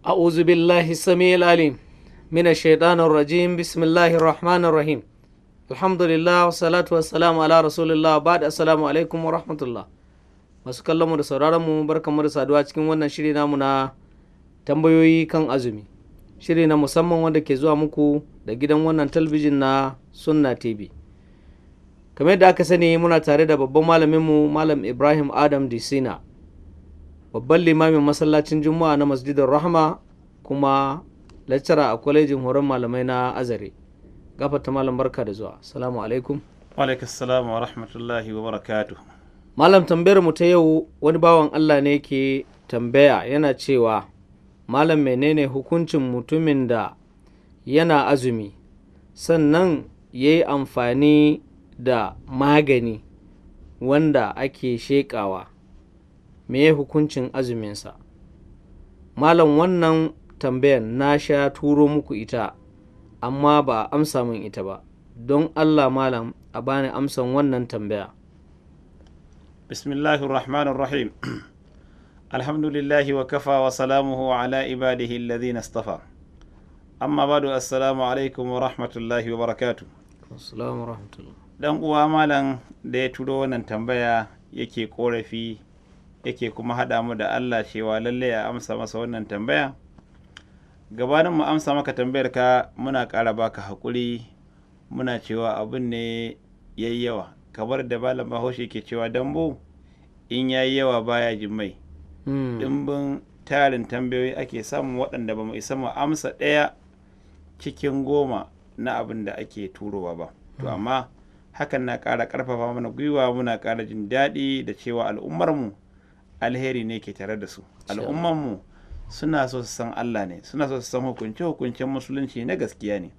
أعوذ بالله السميع العليم من الشيطان الرجيم بسم الله الرحمن الرحيم الحمد لله والصلاة والسلام على رسول الله بعد السلام عليكم ورحمة masu kallon mu da sauraron mu mu da saduwa cikin wannan shiri namu na tambayoyi kan azumi shiri na musamman wanda ke zuwa muku da gidan wannan talbijin na sunna tv kamar yadda aka sani muna tare da babban malamin mu malam ibrahim adam disina babban limamin masallacin juma'a na masjidar rahma kuma lecturer a kwalejin horon malamai na azare gafata malam barka da zuwa salamu alaikum alaikum salamu wa rahmatullahi wa barakatu malam tambayar mu ta yau wani bawan allah ne ke tambaya yana cewa malam menene hukuncin mutumin da yana azumi sannan ya yi amfani da magani wanda ake sheƙawa me ya hukuncin azuminsa malam wannan tambayan na sha turo muku ita amma ba a amsa min ita ba don allah malam a bani amsan wannan tambaya bismillahi rahmanir rahim alhamdulillahi wa kafa wa salamuhu ala ibadihi alladhina nastafa amma badu assalamu alaikum wa rahmatullahi wa barakatu. assalamu rahmatullah dan uwa malam da ya turo wannan tambaya yake korafi yake kuma haɗa mu da Allah cewa lalle ya amsa masa wannan tambaya gabanin mu amsa maka tambayar ka muna ƙara baka haƙuri muna cewa abin ne ya yi yawa kamar da malam bahaushe ke cewa dambu in ya yi yawa baya mai. Hmm. dimbin tarin tambayoyi ake samun waɗanda ba mu isa mu amsa ɗaya cikin goma na abin da ake turowa ba to hmm. amma hakan na ƙara ƙarfafa mana gwiwa muna ƙara jin daɗi da cewa al'ummarmu alheri ne ke tare da su al'ummanmu suna so su san Allah ne suna so su san hukunce hukuncen musulunci na gaskiya ne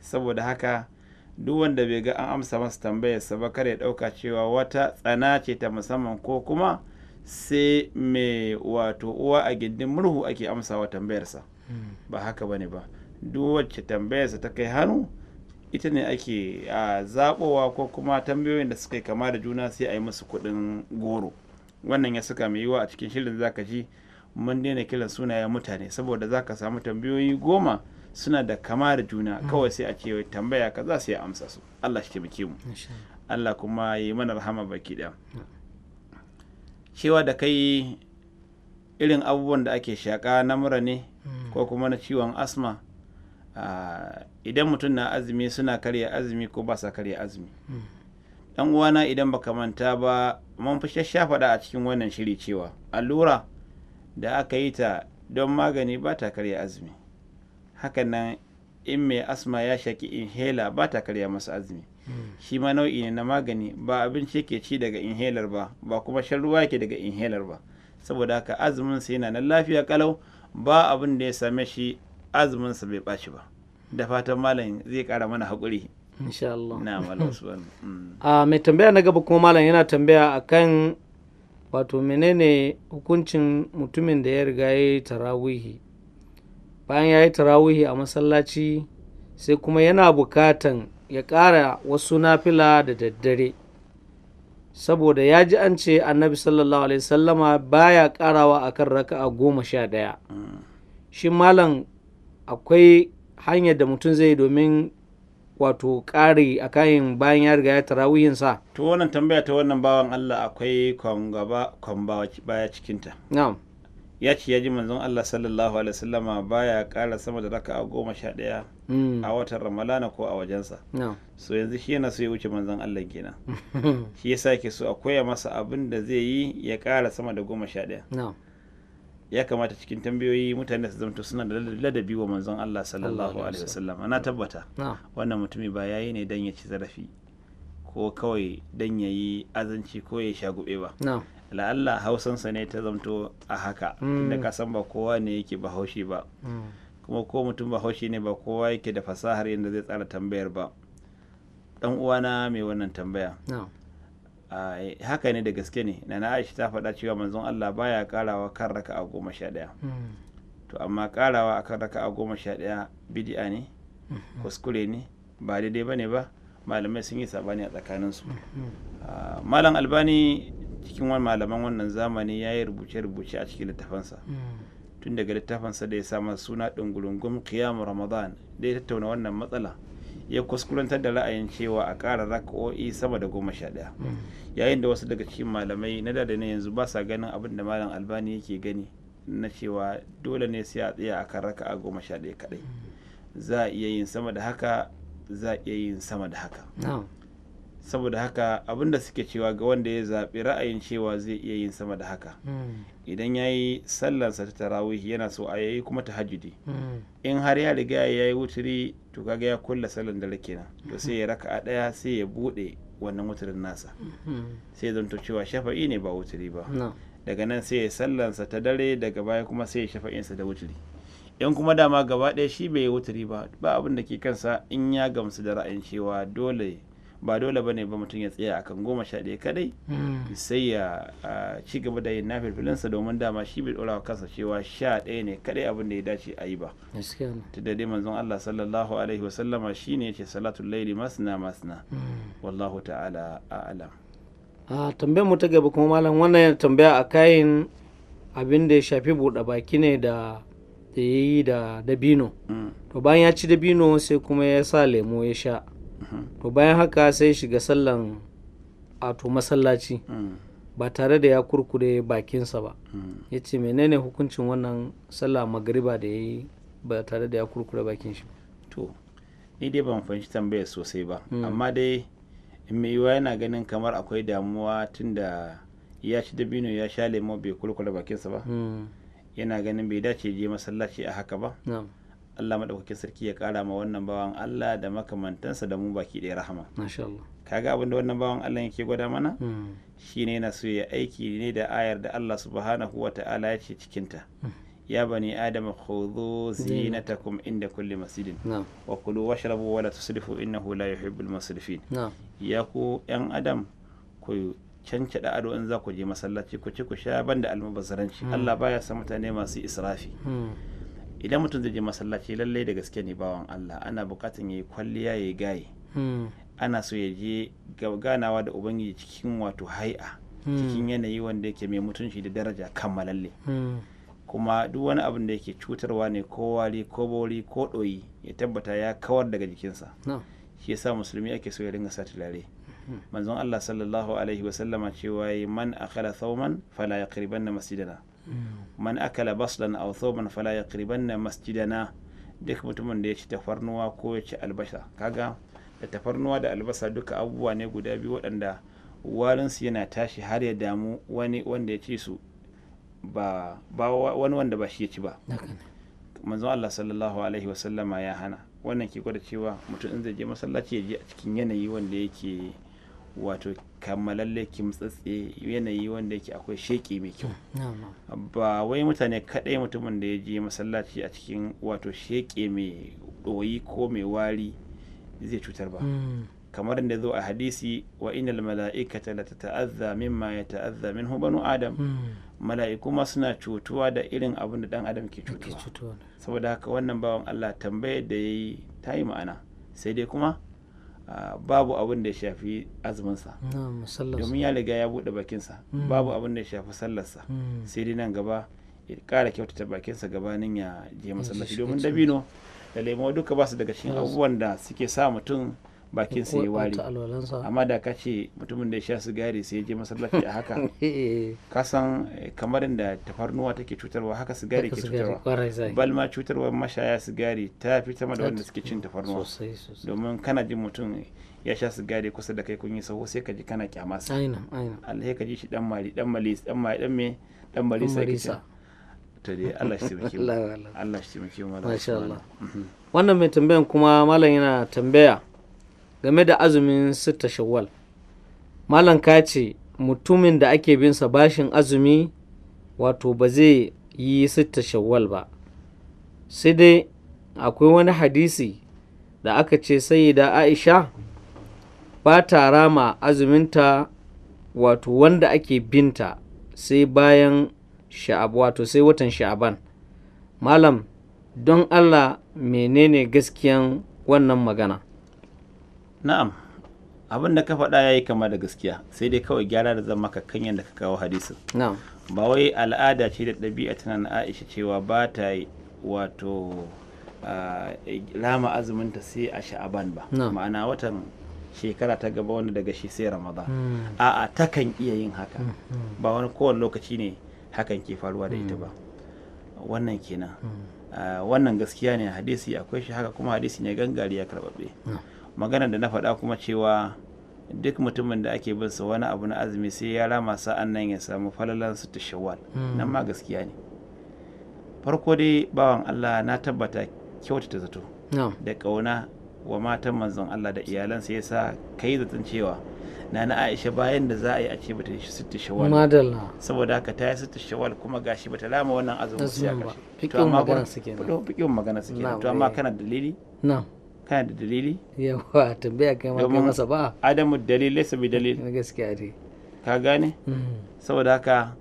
saboda haka duk wanda bai ga an amsa masa tambayarsa ba kare ya ɗauka cewa wata tsana ce ta musamman ko kuma sai mai wato uwa a gindin murhu ake amsawa tambayarsa hmm. ba haka bane ba duk wacce tambayarsa ta kai hannu ita ne ake zaɓowa ko kuma tambayoyin da suka kama da juna sai a yi musu kuɗin goro wannan ya saka mai yiwuwa a cikin shirin ka ji mun daina kiran sunayen mutane saboda zaka samu tambayoyi goma suna da kama da juna mm. kawai sai a ce tambaya ka za su yi amsa su Allah shi taimake mu Allah kuma yi mana rahama baki ɗaya cewa da kai irin abubuwan da ake shaƙa na mura ne mm. ko kuma na ciwon asma ah, idan mutum na azumi suna karya azumi ko ba sa karya azumi mm. dan uwana idan baka manta ba mun fi shashafaɗa a cikin wannan shiri cewa allura da aka yi ta don magani ba ta karya azumi hakan nan in mai asma ya shaki inhaler ba ta karya masa azumi hmm. shi ma nau'i ne na magani ba abinci ke ci daga inhaler ba ba kuma shan ruwa yake daga inhaler ba saboda haka azumin sa yana nan lafiya kalau ba abin da ya same shi azumin bai ɓaci ba da fatan malam zai ƙara mana haƙuri insha a mm. ah, mai tambaya na gaba kuma malam yana tambaya akan wato menene hukuncin mutumin da ya riga ya yi tarawihi bayan ya yi tarawihi a masallaci sai kuma yana bukatan ya ƙara wasu nafila da daddare saboda ya ji an ce annabi sallallahu alaihi sallama baya kan raka a goma sha ɗaya mm. shi malam akwai hanyar da mutum zai domin wato ƙari a kayan bayan ya riga ya tarawihin sa to wannan tambaya ta wannan bawan Allah akwai kwangaba kwamba baya cikinta na'am ya ce ya ji manzon Allah sallallahu alaihi wasallama baya ƙara sama da raka'a goma sha ɗaya hmm. a watan ramalana ko a wajensa so yanzu shi yana so ya wuce manzon Allah kenan shi yasa yake so a koya masa abin da zai yi ya ƙara sama da goma sha ɗaya ya kamata cikin tambayoyi mutane su zamto suna da ladabi wa manzon Allah sallallahu alaihi wasallam na tabbata wannan mutumi ba yayi ne dan ya ci zarafi ko kawai dan yayi azanci ko ya sha gube ba la'alla sa ne ta zamto a haka inda mm. ka san ba kowa ne yake bahaushe ba mm. kuma ko mutum bahaushe ne ba kowa yake da fasahar yadda zai tsara tambayar ba dan uwana mai wannan tambaya Eh, haka ne da gaske ne na aisha ta faɗa cewa manzon Allah baya karawa kan raka a goma sha ɗaya hmm. to amma karawa a kan raka a goma sha ɗaya bidi'a ne hmm. kuskure ne ba daidai ba ne ba malamai sun yi sabani a tsakaninsu hmm. malam albani cikin wani malaman wannan zamani ya yi rubuce-rubuce a cikin littafansa tun daga littafansa da ya sa suna ɗungulungun kiyamu ramadan da ya tattauna wannan matsala ya kuskurantar da ra'ayin cewa a ƙara raka'o'i sama da goma sha ɗaya hmm. yayin da wasu daga cikin malamai na da na yanzu ba sa ganin abin da malam albani yake gani na cewa dole ne sai a tsaya a kan raka'a goma sha ɗaya kaɗai hmm. za a iya yin sama da haka za a iya yin sama da haka saboda haka da suke cewa ga wanda ya zaɓi ra'ayin cewa zai iya yin sama da haka hmm. idan ya yi sallansa ta tarawih yana so a yayi kuma tahajjudi hmm. in har ya riga ya yi wuturi to kaga ya kulla sallan dare kenan to hmm. sai ya raka a ɗaya sai ya buɗe wannan wuturin nasa sai zanto cewa shafa'i ne ba wuturi ba daga nan sai ya sallansa ta dare daga baya kuma sai ya shafa'insa da wuturi in kuma dama gaba ɗaya shi bai yi wuturi ba ba abin da ke kansa in ya gamsu da ra'ayin cewa dole ba dole bane ba mutum ya tsaya akan goma sha ɗaya kadai hmm. sai ya ci gaba da yin nafirfilinsa domin dama shi bai ɗora kansa cewa sha ɗaya ne kadai abin da ya dace a yi ba ta da dai manzon Allah sallallahu alaihi wa sallama shi ne yace salatul laili masna masna hmm. wallahu ta'ala a'lam a tambayar mu ta gaba kuma malam wannan tambaya a kayan abin da ya shafi buɗe baki ne da da ya yi da dabino hmm. to bayan ya ci dabino sai kuma ya sa lemo ya sha to bayan haka sai shiga sallan ato masallaci ba tare da ya kurkure bakinsa ba ya ce menene hukuncin wannan sallah magariba da ya yi ba tare da ya kurkure bakin shi to ni dai ban fahimci tambayar sosai ba hmm. amma dai mai yiwuwa yana ganin kamar akwai damuwa tun da ya ci dabino ya sha lemo bai kurkure bakinsa ba hmm. yana ganin bai dace je masallaci a haka ba Allah maɗaukakin sarki ya ƙara ma wannan bawan Allah da makamantansa da mu baki ɗaya rahama masha Allah kaga abin da wannan bawan Allah yake gwada mana hmm. ne yana so ya aiki ne da ayar da Allah subhanahu wa ta'ala ya ce cikinta hmm. ya bani adama khudhu kuma inda kulli masjidin wa kulu washrabu wa la tusrifu innahu la yuhibbul musrifin ya ku ƴan adam ku cancaɗa ado in za ku je masallaci ku ci ku sha banda almubazzaranci hmm. Allah baya sa mutane masu israfi idan mutum zai je masallaci lallai da gaske ne bawan Allah ana bukatan yayi kwalliya ya gaye hmm. ana so ya je ganawa da ubangiji cikin wato hai'a hmm. cikin yanayi wanda yake mai mutunci da daraja kammalalle hmm. kuma duk wani abin da yake cutarwa ne ko wari ko bori ko ɗoyi ya tabbata ya kawar daga jikinsa shi yasa musulmi ake so ya ringa sa tulare manzon Allah sallallahu alaihi wa sallama cewa man akhala thawman fala yaqribanna masjidana man akala baslan aw thawban fala ya yaqribanna masjidana duk mutumin da ya ci tafarnuwa ko ya ci albasa kaga da tafarnuwa da albasa duka abubuwa ne guda biyu waɗanda warinsu yana tashi har ya damu wani wanda ya ci su ba wani wanda ba shi ya ci ba manzon Allah sallallahu alaihi wasallama ya hana wannan ke gwada cewa mutum in zai je masallaci ya je a cikin yanayi wanda yake wato kammalalle kimtsatse yanayi wanda yake akwai sheki mai kyau ba wai mutane kadai mutumin da ya je masallaci a cikin wato sheki mai ɗoyi ko mai wari zai cutar ba hmm. kamar da zo a hadisi wa inal mala'ikata la tata'azza mimma yata'azza minhu banu adam hmm. mala'iku ma suna cutuwa da irin abin da dan adam ke cutuwa saboda haka wannan bawan Allah tambayar da yayi ta yi ma'ana sai dai kuma Ah, babu abin da ya shafi azuminsa domin ya riga ya buɗe bakinsa hmm. babu abin da ya shafi sallarsa hmm. sai dai nan gaba ya ƙara kyautata bakinsa gabanin ya je masallaci domin dabino da lemo duka ba su daga cikin abubuwan da suke sa mutum bakin sa ya ware amma da ka ce mutumin da ya sha sigari sai ya je masallaci a haka eh, eh. ka san eh, kamar da tafarnuwa take cutarwa haka sigari ke cutarwa bal ma cutarwa mashaya sigari ta fi sama da wanda suke cin tafarnuwa domin kana jin mutum ya sha sigari kusa da kai kun yi saho sai ka ji kana kyama sa Allah ka ji shi dan mali dan malis dan mai dan me dan marisa kike ta dai Allah shi taimake mu Allah shi taimake mu masha Allah wannan mai tambayan kuma malam yana tambaya game da azumin sita shawwal malam ka ce mutumin da ake bin sa bashin azumi wato ba zai yi sita shawwal ba sai dai akwai wani hadisi da aka ce da aisha ba ta rama azuminta wato wanda ake binta sai bayan sha'ab wato sai watan sha'aban malam don allah menene gaskiyan wannan magana na'am abin da ka faɗa ya yi kama da gaskiya sai dai kawai gyara da zama maka kanyar da ka kawo hadisin ba wai al'ada ce da ɗabi'a tana na aisha cewa ba ta yi wato rama azuminta sai a sha'aban ba ma'ana watan shekara ta gaba wanda daga shi sai ramadan hmm. a'a takan iya yin haka hmm, hmm. ba wani kowane lokaci ne hakan ke faruwa da ita ba wannan kenan wannan gaskiya ne hadisi akwai shi haka kuma hadisi ne gangari ya karɓaɓɓe maganar da na faɗa kuma cewa duk mutumin da ake bin sa wani abu na azumi sai ya rama sa'an nan ya samu falalan su ta shawal hmm. nan ma gaskiya ne farko dai bawan Allah na tabbata kyautata zato da ƙauna wa matan manzon Allah da iyalansa ya sa kai zaton cewa na na Aisha bayan da za a yi a ce bata yi sitta shawal saboda haka ta yi sitta shawal kuma gashi bata lama wannan azumin ya karshe to amma magana suke to amma kana dalili na'am kana da dalili yawa tambaya kai ma kai masa ba adamu dalilai laysa bi dalil gaskiya ne ka gane mm-hmm. saboda haka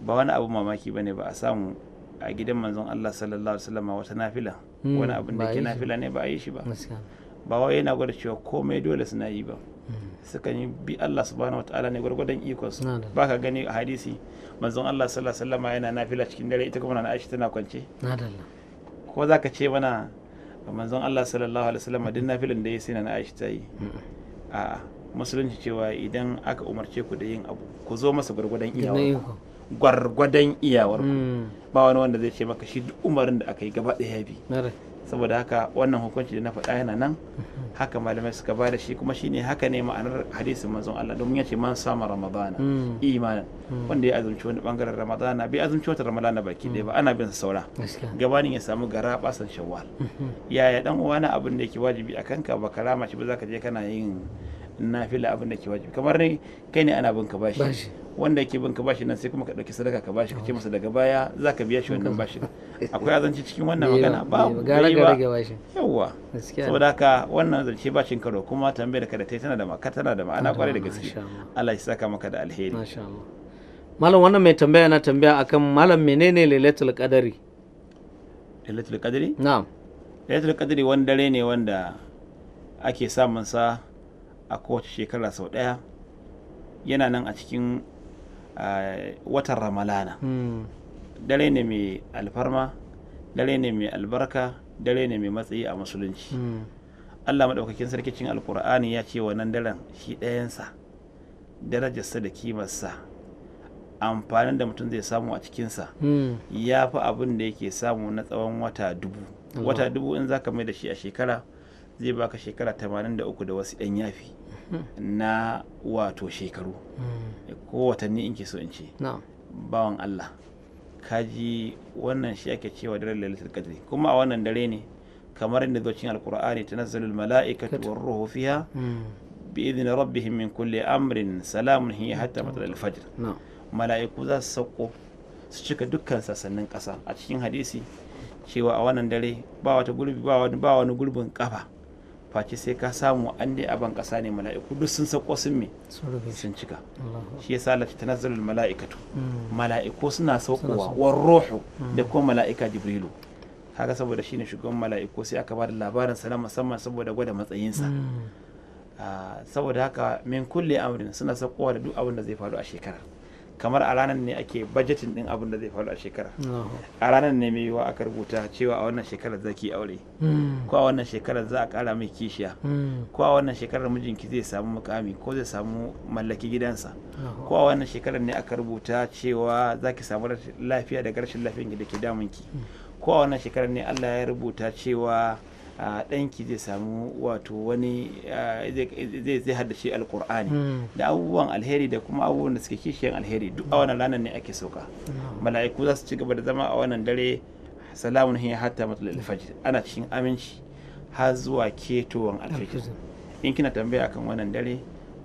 ba wani abu mamaki bane ba a samu a gidan manzon Allah sallallahu alaihi wasallam wata nafila mm, wani abin da ke nafila ne ba a yi shi ba ba wai yana gwada cewa komai dole suna yi ba mm. sukan yi bi Allah subhanahu wataala ne gwargwadon ikon su ba ka gani a hadisi manzon Allah sallallahu alaihi wasallam yana nafila cikin dare ita kuma na Aisha tana kwance ko za ka ce mana manzon Allah sallallahu alaihi wasallam duk nafilin da ya sai na Aisha ta yi a'a musulunci cewa idan aka umarce ku da yin abu ku zo masa gwargwadon iyawar gwargwadon iyawar mm. ba wani wanda zai ce maka shi umarin da aka yi gaba ɗaya bi saboda haka wannan hukunci da na faɗa yana nan haka malamai suka ba da shi kuma shi ne haka ne ma'anar hadisi manzon Allah domin ya ce man sama ramadana hmm. imanin hmm. wanda ya azumci wani bangaren ramadana bai azumci wata ramadana baki ɗaya ba ana bin sa saura gabanin ya samu gara basan shawwal hmm. yaya dan uwana abin da yake wajibi a kanka ba karama shi ba zaka je kana yin nafila abin da ke wajibi kamar ne kai ne ana bin ka bashi wanda yake bin ka bashi nan sai kuma ka dauki sadaka ka bashi ka ce masa daga baya za ka biya shi wannan bashi akwai azanci cikin wannan magana ba bai ba yawa saboda haka wannan zance bashin karo kuma tambayar ka da tai tana da maka tana da ma'ana kwarai da gaske Allah ya saka maka da alheri malam wannan mai tambaya na tambaya akan malam menene lailatul qadari lailatul qadari na'am lailatul qadari wani dare ne wanda ake samun sa a kowace shekara sau daya yana nan a cikin a watan ramalana hmm. dare ne mai alfarma dare ne mai albarka dare ne mai matsayi a musulunci hmm. allah maɗaukakin sarkicin alkur'ani ya ce wa nan daren shi ɗayansa darajarsa da kimarsa amfanin da mutum zai samu a cikinsa hmm. ya fi abin da yake samu na tsawon wata dubu wata dubu in za ka mai da shi a shekara zai baka shekara 83 da wasu 'yan yafi na wato shekaru ko watanni in ke so in ce bawan Allah kaji wannan shi ake cewa daren lailatul qadri kuma a wannan dare ne kamar inda zocin ta nazalul mala'ikatu wa ruhu fiha hmm. bi idni rabbihim min kulli amrin salamun hiya hatta matla'il fajr mala'iku za su sauko su cika dukkan sassanin kasa a cikin hadisi cewa a wannan dare ba wata gurbi ba wani gurbin kafa face sai ka samu an dai aban kasa ne mala'iku duk sun sauko sun me sun cika shi yasa lati tanazzalul mala'ikatu hmm. mala'iku suna saukowa war ruhu hmm. da kuma mala'ika jibrilu kaga saboda shine shugaban mala'iku sai aka bada labarin sa na musamman saboda gwada matsayinsa hmm. ah, saboda haka min kulle amrin suna saukowa da duk abin da zai faru a shekara. kamar a ranar ne ake bajetin din abin da zai faru a shekara a ranar ne mai yiwuwa aka rubuta cewa a wannan shekarar zaki aure hmm. ko a wannan shekarar za a kara mai kishiya hmm. ko a wannan shekarar mijinki zai samu mukami ko zai samu mallaki gidansa ko a wannan shekarar ne aka rubuta cewa zaki samu lafiya da garshin lafiyan da ke damunki hmm. ko a wannan shekarar ne Allah ya rubuta cewa ɗanki zai samu wato wani zai haddace alkur'ani hmm. da abubuwan alheri da kuma abubuwan da suke kishiyan alheri duk a wannan ranar ne ake sauka hmm. mala'iku za su ci gaba da zama a wannan dare salamun hiya hatta matlal fajr ana cikin aminci har zuwa ketowar alfaji in kina tambaya akan wannan dare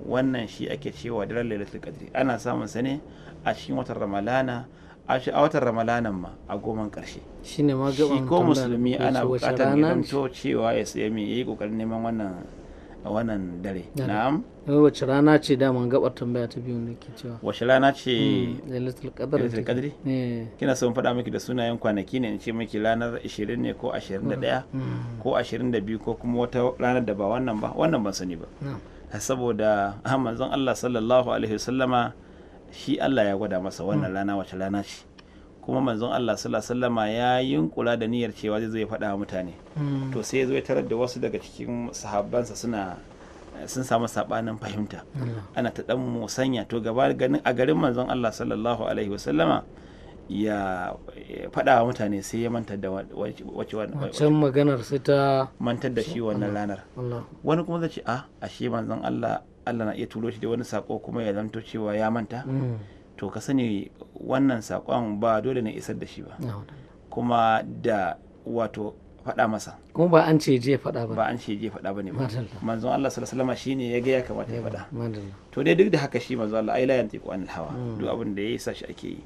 wannan shi ake cewa daren lailatul qadri ana samun sa ne a cikin watan ramalana a watan ramalanan ma a goman karshe shi ne ma gaban ko musulmi ana bukatar gidanto cewa ya sai mai yi kokarin neman wannan wannan dare na'am wace rana ce daman gabar tambaya ta biyu da ke cewa wace rana ce hmm, lailatul qadr lailatul qadr eh. kina son faɗa miki da sunayen kwanaki ne in ce miki ranar 20 ne ko 21 hmm. hmm. ko 22 ko kuma wata ranar da ba wannan ba wannan ban sani ba saboda ah, manzon Allah sallallahu alaihi wasallama shi Allah ya gwada masa wannan mm. rana wace rana ce kuma manzon Allah wasallama ya kula da niyyar cewa zai zo ya faɗa wa mutane mm. to sai ya zo ya tarar da wasu daga cikin sahabbansa suna sun samu sabanin fahimta ana ta dan musanya to gaba ganin a garin manzon Allah sallallahu alaihi wasallama ya faɗa wa mutane sai ya mantar da wace wancan maganar su ta mantar da shi wannan ranar wani kuma zai ce a ah, ashe manzon Allah Allah na iya turo shi da wani sako kuma ya zanto cewa ya manta mm. to ka sani wannan sakon ba dole ne isar da shi ba kuma da wato faɗa masa kuma ba an ce je faɗa ba ba an ce je faɗa ba ne ba manzon Allah sallallahu alaihi shine ya ga ya kamata ya faɗa to dai duk da haka shi manzon Allah ai la yantiqu anil hawa mm. duk abin da yayi sashi ake yi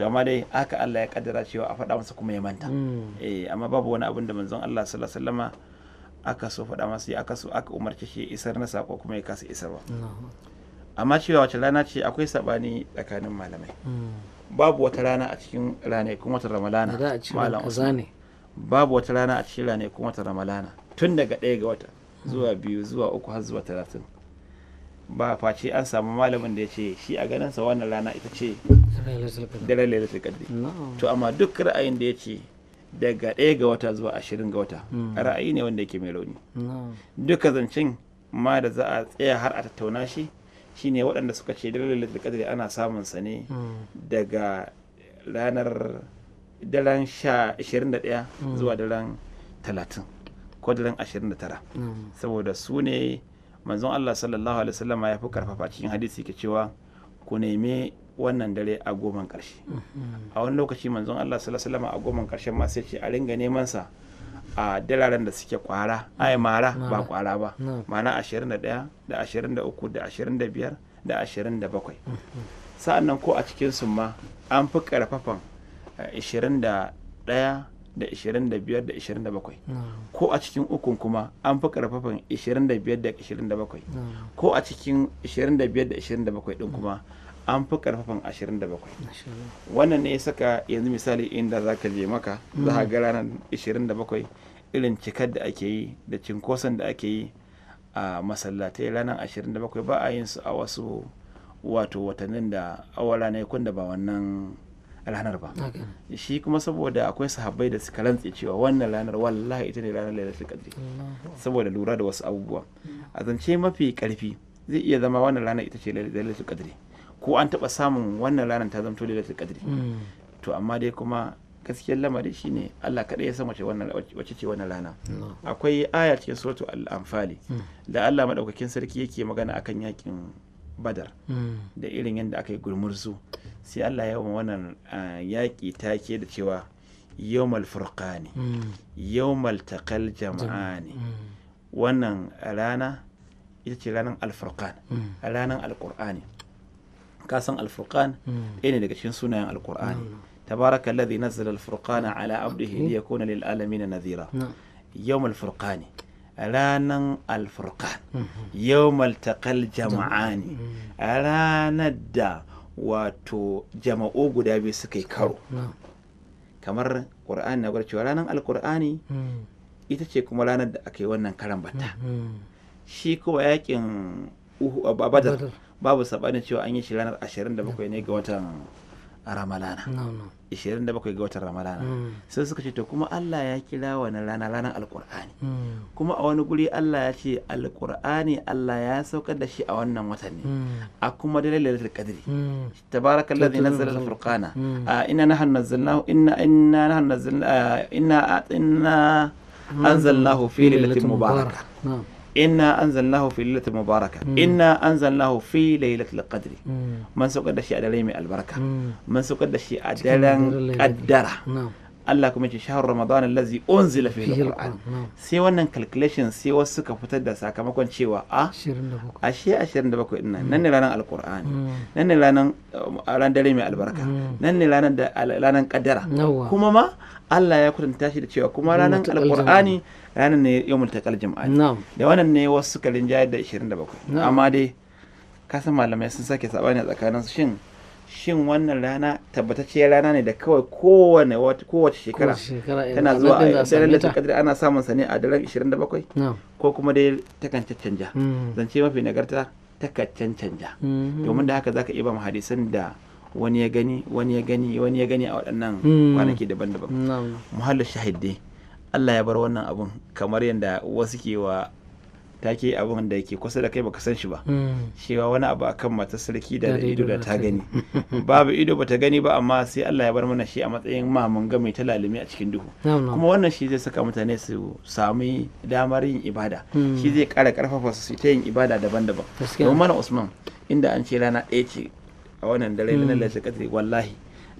to amma dai haka Allah ya kaddara cewa a faɗa masa kuma ya manta mm. eh amma babu wani abin da manzon Allah sallallahu alaihi aka so faɗa masa ya aka so aka umarce shi isar na sako kuma ya kasa isarwa amma cewa wace rana ce akwai sabani tsakanin malamai hmm. babu wata rana a cikin ranakun wata ramalana malam babu wata rana a cikin ranakun wata ramalana tun daga ɗaya ga wata zuwa hmm. biyu zuwa uku har zuwa talatin ba face an samu malamin da ya ce shi a ganin sa wannan rana ita ce da lailatul qadri to amma duk ra'ayin da ya ce daga ɗaya ga wata zuwa ashirin ga wata hmm. ra'ayi ne wanda yake mai rauni duka zancen ma da za a tsaya har a tattauna shi shine waɗanda suka ce dalilin da qadri ana samun sa ne hmm. daga ranar daren 21 hmm. zuwa daren 30 ko daren 29 saboda su ne manzon Allah sallallahu alaihi wasallama ya fi karfafa cikin hadisi ke cewa ku nemi wannan dare a goman karshe a wani lokaci manzon Allah sallallahu alaihi a goman karshen ma sai ce a ringa neman sa a dalaren da suke kwara ai mara ba kwara ba ma'ana 21 da 23 da 25 da 27 sa'annan ko a cikin su ma an fi karfafan 21 eh, da 25 da 27 ko a cikin ukun kuma an fi karfafan 25 da 27 ko a cikin 25 da 27 din kuma an fi karfafan 27 wannan ne ya saka yanzu misali inda za ka je maka za ka ga mm. ranar 27 irin cikar da ake yi da cinkoson da ake yi a masallatai ranar 27 ba a yin su a wasu wato watannin da awala ne kun da ba wannan ranar ba shi kuma saboda akwai sahabbai da suka rantse cewa wannan ranar wallahi ita ne ranar lailatul qadr saboda lura da wasu abubuwa mm. a zance mafi karfi zai iya zama wannan ranar ita ce lailatul qadr ko an taɓa samun wannan ranar ta da lailatul qadri to amma dai kuma gaskiyar lamari shine Allah kaɗai ya san wace wannan wace ce wannan rana akwai aya cikin suratu al da Allah madaukakin sarki yake magana akan yakin badar da irin yadda aka yi gulmursu sai Allah ya wannan ta ke da cewa yawmal furqani yawmal taqal jama'ani wannan rana ita ce ranar alfurkan mm. ranar alkur'ani san alfurqan hmm. ɗaya ne daga cikin sunayen alkur'ani تبارك الذي نزل ala على عبده ليكون للعالمين نذيرا يوم الفرقان ranan alfurkan hmm. yau maltakal jama'ani a hmm. ranar da wato jama'o guda biyu suka yi karo kamar ƙur'ani na gwada cewa ranar alkur'ani ita ce kuma ranar da aka yi wannan karan bata shi kuma yakin badar babu sabanin cewa an yi shi ranar 27 ne ga watan ramalana 27 ga watan ramalana mm. sai suka ce to kuma Allah ya kira wani rana ranar alkur'ani mm. kuma a wani guri Allah ya ce alkur'ani Allah ya saukar da shi a wannan watan ne mm. a kuma da lailatul qadri tabarakallazi nazzala al-furqana inna nahnu nazzalnahu inna inna nahnu nazzalna inna inna anzalnahu fi lailatin mubarakah inna anzalnahu fi lailatul mubaraka mm. inna anzalnahu fi lailatul qadri mm. man saukar da shi a dare mai albarka mm. man saukar da shi a daren kaddara Allah kuma ce shahar Ramadan allazi unzila fihi alquran sai wannan calculation sai wasu suka fitar da sakamakon cewa a ashe 27 din nan nan ne ranar alqur'ani nan ne ranar um, ran dare mai albarka nan ne ranar da ranar kaddara kuma ma Allah ya kudanta shi da cewa kuma ranar alkur'ani ranar ne yau multakal jama'a da wannan ne wasu suka rinjayar da 27 amma dai kasan malamai sun sake sabani a tsakanin shin shin wannan rana tabbatacciyar rana ne da kawai kowane kowace shekara eh, tana zuwa a daren lailatul qadr ana samun sa ne a daren 27 ko kuma dai kan cancanja hmm. zance mafi nagarta kan cancanja hmm. domin da haka zaka iya ba mu hadisan da wani ya gani wani ya gani wani ya gani a waɗannan hmm. kwanaki daban-daban muhallin shahidde Allah ya bar wannan abun kamar yadda wasu ke wa take abun da ke kusa da kai baka san shi ba hmm. cewa wani abu akan matar sarki da ido da ta gani babu ido bata gani ba amma sai Allah ya bar mana shi a matsayin mamun mai ta lalumi a cikin duhu kuma wannan shi zai saka mutane su sami damar yin ibada hmm. shi zai kara karfafa su ta yin ibada daban-daban domin mana Usman inda an ce rana ɗaya ce a wannan dare na hmm. lalace kadiri wallahi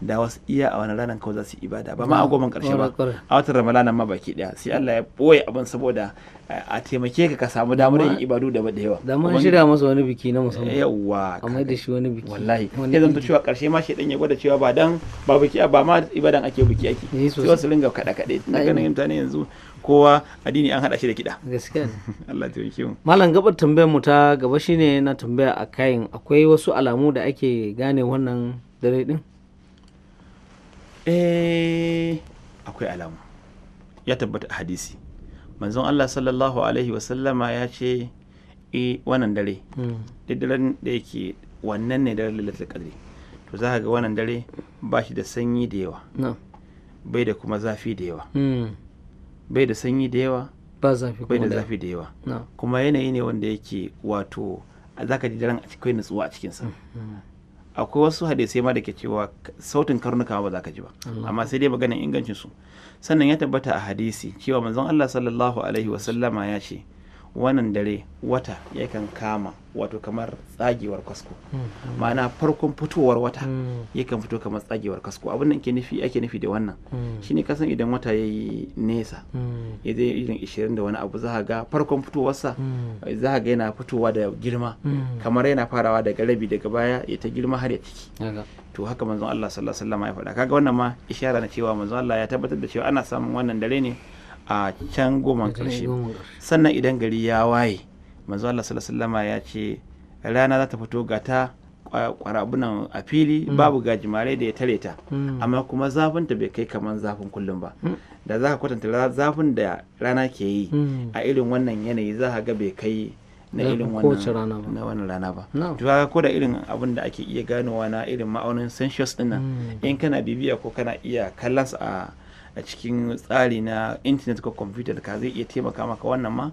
da wasu iya a wani ranar kawai za su ibada ba ma hmm. a goma karshe ba a watan ramalanan ma baki daya sai Allah ya boye abin saboda a taimake ka ka samu damar yin ibadu da da yawa da mun shirya masa wani biki na musamman yawa amma da shi wani biki wallahi sai zanto cewa karshe ma shi dan ya gwada cewa ba dan ba biki ba ma ibadan ake biki ake sai wasu ringa kada kada na ganin mutane yanzu kowa addini an haɗa shi da kiɗa gaskiya Allah ta yanke mu malam gabar tambayar mu ta gaba shine na tambaya a kayan akwai wasu alamu da ake gane wannan dare din eh akwai alamu ya tabbata a hadisi manzon Allah sallallahu alaihi wasallama ya ce e wannan dare hmm. duk daren da yake wannan ne daren lalata qadri to za ka ga wannan dare ba shi da sanyi da yawa bai da kuma zafi da yawa hmm. bai da sanyi da yawa ba bai da zafi da yawa kuma yanayi ne wanda yake wato zaka ji daren akwai nutsuwa a cikin sa mm-hmm. akwai wasu hadisai ma da ke cewa sautin karnuka ba za ka ji ba amma sai dai maganin ingancin su sannan ya tabbata a hadisi cewa manzon Allah sallallahu alaihi wasallama ya ce wannan dare wata yakan kama wato kamar tsagewar kasko mm-hmm. ma'ana farkon fitowar wata mm. yakan fito kamar tsagewar kasko abin da nufi ake nufi da wannan mm. shine kasan idan wata mm. ya yi nesa ya zai irin ishirin da wani abu za ga farkon fitowarsa za ga yana fitowa da girma kamar yana farawa daga rabi daga baya ya ta girma har ya ciki to haka manzon Allah sallallahu alaihi wasallam ya faɗa kaga wannan ma ishara na cewa manzon Allah ya tabbatar da cewa ana samun wannan dare ne a can goma karshe sannan idan gari ya waye manzo Allah sallallahu ya ce rana za ta fito ga ta kwarabunan a fili mm. babu gajimare da ya tare ta mm. amma kuma zafin ta bai kai kamar zafin kullum ba mm. da za ka kwatanta zafin da rana ke yi a irin wannan yanayi za ka ga bai kai na irin wannan rana ba to ko da irin abin da ake iya ganowa na irin ma'aunin sensuous dinnan in kana bibiya ko kana iya kallon a a cikin tsari na intanet ko kwamfutar ka zai iya taimaka maka wannan ma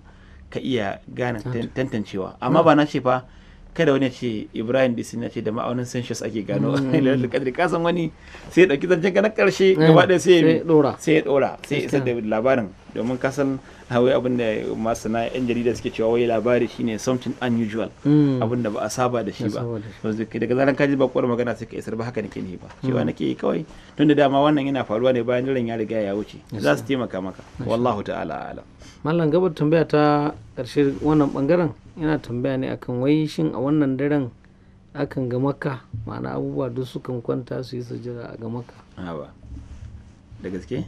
ka iya gane tantancewa amma ba na ce fa kada wani ce ibrahim da na ce da ma'aunin census ake gano hmm. lailatul ka wani sai ya dauki zancen ka na karshe eh, gaba ɗaya sai ya dora sai ya dora sai isa isar da labarin domin kasan san wai abin da masana yan jarida suke cewa wai labari shine something unusual hmm. abin da ba a saba da shi ba daga zaran ka ji kwar magana sai ka isar ba haka nake ne ba hmm. cewa nake kawai tun da dama wannan yana faruwa ne bayan jiran ya riga ya wuce za su taimaka maka wallahu ta'ala alam mallam gabar tambaya ta karshe wannan bangaren yana tambaya ne akan wai shin a wannan daren akan ga maka ma'ana abubuwa duk sukan kwanta su yi sujada ga maka ba da gaske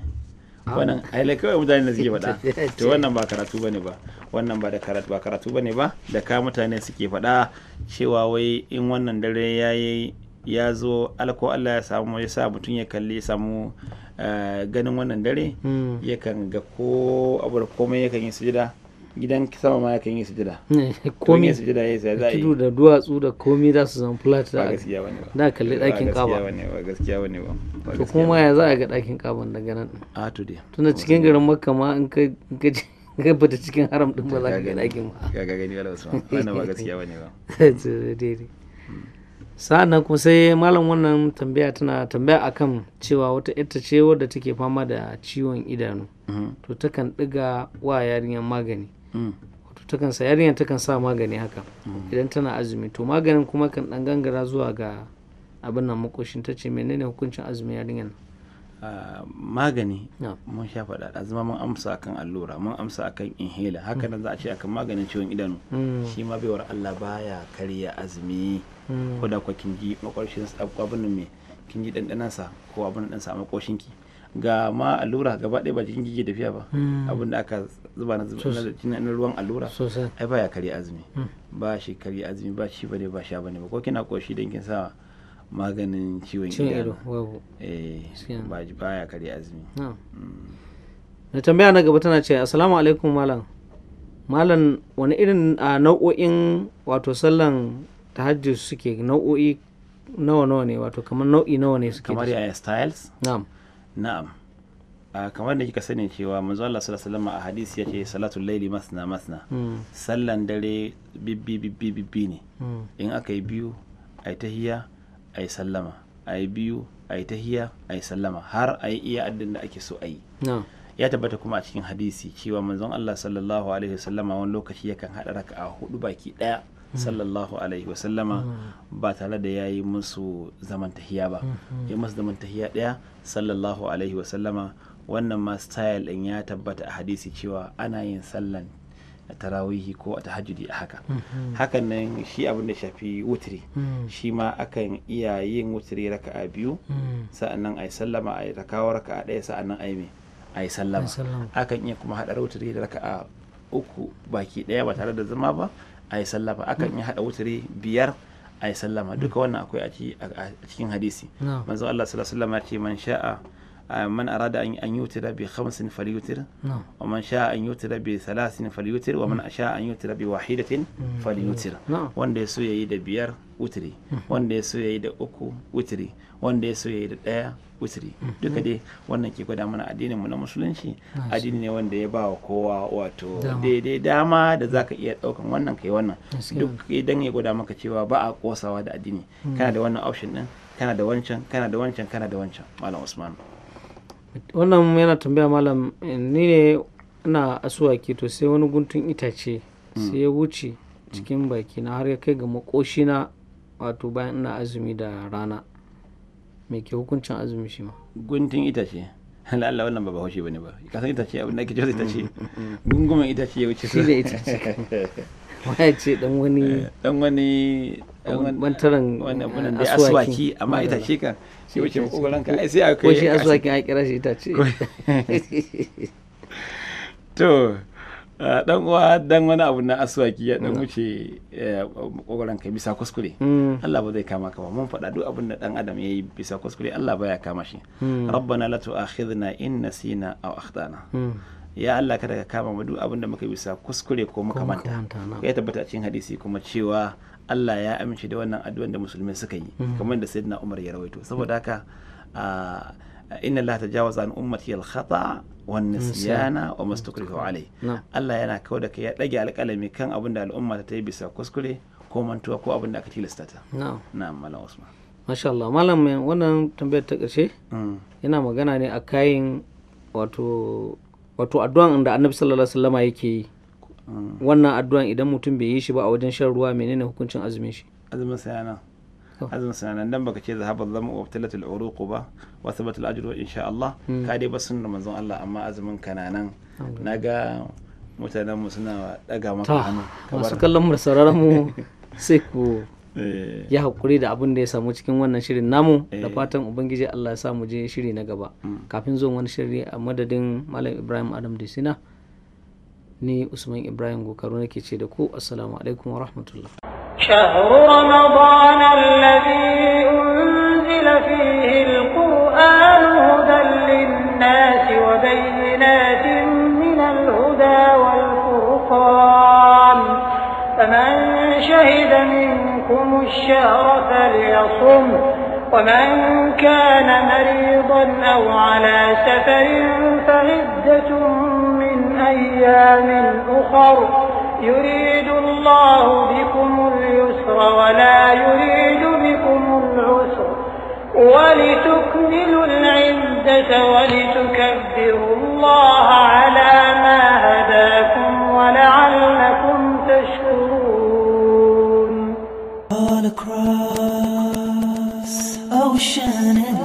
wannan aile kawai mutane da suke faɗa to wannan ba karatu bane ba wannan ba da karatu ba karatu bane ba da ka mutane suke faɗa cewa wai in wannan dare yayi ya zo alko Allah ya samu ya sa mutum ya kalli ya samu eh, ganin wannan dare hmm. yakan ga ko abu da komai yakan yi sujada gidan sama ma yakan yi sujada komi ya sujada ya sai zai tudu da duwatsu da komai za su zama flat da gaskiya bane da kalli dakin kaba ba gaskiya bane ba to kuma ya za a ga dakin kaban daga nan a to dai tunda cikin garin makka ma in ka in ka ka fita cikin haram din ba za ka ga dakin ba ga ga gani wala wannan ba gaskiya bane ba sa'annan kuma sai malam wannan tambaya tana tambaya akan cewa wata ita ce wadda take fama da ciwon idanu mm-hmm. to takan ɗiga wa yarinyar magani takan sa yarinyar takan sa magani haka idan tana azumi to maganin kuma kan dan gangara zuwa ga abin nan makoshin ta ce menene hukuncin azumi yarinya. Ah, magani mun sha faɗa azuma mun amsa akan allura mun amsa akan inhaler haka nan za a ce akan maganin ciwon idanu mm. shi ma baiwar Allah baya karya azumi mm. ko da kwa makoshin sa ko abin me kinji ji dandanansa ko abin dan sa makoshin ki ga ma allura gaba ɗaya ba kinji kike tafiya ba mm. abin da aka zuba na zuba na ruwan allura ai baya kare azumi hmm. ba shi kare azumi ba shi bane ba sha bane ba ko kina koshi dan kin sa maganin ciwon ido eh ba baya kare azumi hmm. na tambaya na gaba tana ce assalamu alaikum malam malam wani irin nau'o'in wato sallan tahajjud suke nau'o'i nawa nawa ne wato kamar nau'i nawa ne suke kamar ya styles na'am na'am kamar da kika sani cewa manzo Allah sallallahu alaihi wasallam a hadisi yake salatul laili masna masna hmm. sallan dare bibbi bibbi bibbi ne hmm. in aka yi biyu ai tahiya ai sallama ai biyu ai tahiyya ai sallama har ai iya addin da ake so ayi ya tabbata kuma a cikin hadisi cewa manzon Allah sallallahu alaihi wasallama wani lokaci yakan hada raka'a hudu baki daya hmm. sallallahu alaihi wasallama ba tare da ya yi musu zaman tahiya ba ya musu zaman tahiya daya sallallahu alaihi wasallama wannan ma style din ya tabbata a hadisi cewa ana yin sallan a tarawihi ko a tahajjudi a haka mhm. hakan nan shi abin da shafi wutiri mhm. shi ma akan iya yin wutiri raka'a biyu mhm. sa'annan ai sallama ai rakawa raka'a ɗaya sa'annan ai me ai sallama akan iya kuma haɗa wutiri da raka'a uku baki ɗaya ba tare da zama ba ai sallama akan iya haɗa wutiri biyar ai sallama duka wannan akwai a cikin hadisi manzo Allah sallallahu alaihi wasallam ya ce man sha'a من أراد أن يوتر بخمس فليوتر ومن شاء أن يوتر بثلاث فليوتر ومن شاء أن يوتر بواحدة فليوتر وان دي سو يي بيار وتري وان دي سو يي أكو وتري وان دي سو يي ɗaya wutiri duka dai wannan ke gwada mana addinin mu na musulunci addini ne wanda ya ba wa kowa wato daidai dama da zaka iya daukan wannan kai wannan duk idan ya gwada maka cewa ba a kosawa da addini kana da wannan option din kana da wancan kana malam usman wannan yana tambaya malam ni ne ina asuwaki to sai wani guntun itace hmm. sai ya wuce cikin baki na har ya kai ga makoshi na wato bayan ina azumi da rana me ke hukuncin azumi shi ma guntun itace Allah wannan ba haushi bane ba kasan san itace abin da ake cewa itace gungumen itace ya wuce su ne itace ce dan wani eh, dan wani wantaran wannan da aswaki amma kan sai wuce makogoron ka sai aka yi shi aswaki an kira shi ce. to dan uwa dan wani abu na asuwaki ya dan mm. wuce eh, makogoron ka bisa kuskure mm. Allah ba zai kama ka ba mun faɗa duk abin da dan adam yayi bisa kuskure Allah baya kama shi mm. rabbana la tu'akhidhna in nasina aw akhtana ya Allah kada ka kama mu duk abin da muka bisa kuskure ko muka manta ya tabbata cikin hadisi kuma cewa Allah ya amince da wannan addu'an da musulmi suka yi mhm. kamar da sayyidina Umar ya rawaito saboda haka inna Allah tajawaza an ummati al-khata wan nisyana wa mastukrihu alai Allah yana kawo da kai ya dage alƙalami kan abin da al'umma ta yi bisa kuskure ko mantuwa ko abin da aka tilasta ta na'am malam Usman masha Allah malam wannan tambayar ta ƙarshe mm. yana magana ne a kayin wato wato addu'an da Annabi sallallahu alaihi wasallama yake yi wannan addu'an idan mutum bai yi shi ba a wajen shan ruwa menene hukuncin azumin shi azumin sayana oh. azumin sayana dan baka ce zahabar zama wa tilatul uruq ba wa ajr wa insha Allah hmm. ka dai ba sunna manzon Allah amma azumin kananan naga mutanen mu suna daga maka hannu masu kallon mu sauraron mu sai ku eh. ya hakuri da abin da ya samu cikin wannan shirin namu da eh. fatan ubangiji Allah ya sa mu je shiri na gaba hmm. kafin zuwan wani shiri a madadin malam Ibrahim Adam Sina. ni usman ibrahim gokaro nake ce da ku assalamu alaikum شهر رمضان الذي أنزل فيه القرآن هدى للناس وبينات من الهدى والفرقان فمن شهد منكم الشهر فليصم ومن كان مريضا أو على سفر فعدة أيام أخر يريد الله بكم اليسر ولا يريد بكم العسر ولتكملوا العدة ولتكبروا الله على ما هداكم ولعلكم تشكرون All across ocean oh, and